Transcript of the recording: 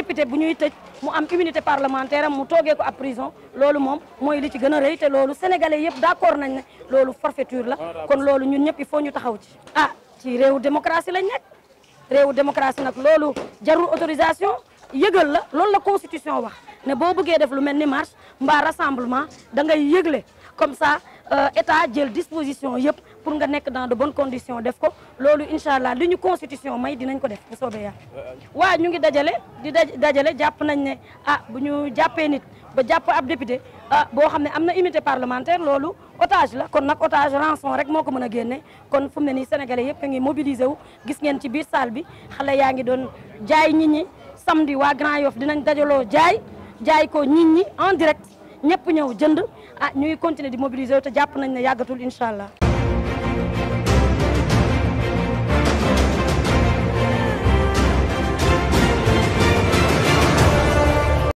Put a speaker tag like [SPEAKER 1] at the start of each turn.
[SPEAKER 1] député bu ñuy tëj mu am immunité parlementaire mu toogee ko ab prison loolu moom mooy li ci gën a rëy te loolu sénégalais yëpp d'accord nañ ne loolu forfaiture la kon loolu ñun ñëpp il faut ñu taxaw ci ah ci réewu démocratie lañ nekk réewu démocratie nag loolu jarul autorisation yëgal la loolu la constitution wax ne boo buggee def lu mel ni marche mbaa rassemblement da ngay yëgle comme ça euh, état jël disposition yëpp pour nga nekk dans de bonnes condition def ko loolu incha allah li ñu constitution may dinañ ko def bu soobee
[SPEAKER 2] yàlla.
[SPEAKER 1] ñu ngi dajale di dajale jàpp nañ ne ah bu ñu jàppee nit ba jàpp ab député ah boo xam ne am na immunité parlementaire loolu otage la kon nag otage rançon rek moo ko mën a génne kon fu mu ne nii sénégalais yëpp a ngi mobilisé wu gis ngeen ci biir salle bi xale yaa ngi doon jaay nit ñi samedi waa Grand Yoff dinañ dajaloo jaay. jaay ko nit ñi en direct ñëpp ñëw jënd ah ñuy continuer di mobiliser te jàpp nañ ne yàggatul incha allah.